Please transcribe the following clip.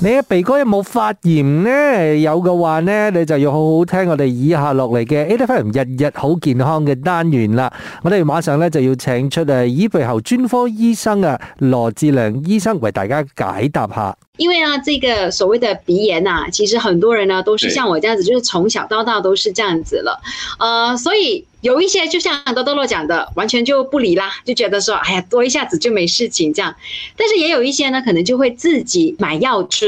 你嘅，啊、鼻哥有冇發炎呢？有嘅話呢，你就要好好聽我哋以下落嚟嘅《A d i f f 日日好健康》嘅單元啦。我哋馬上呢就要請出誒耳鼻喉專科醫生啊羅志亮醫生為大家解答下。因為啊，這個所謂的鼻炎啊，其實很多人呢都是像我這樣子，是就是從小到大都是這樣子了。呃，所以有一些就像多多樂講的，完全就不理啦，就覺得說，哎呀，多一下子就沒事情這樣。但是也有一些呢，可能就會自己買藥吃。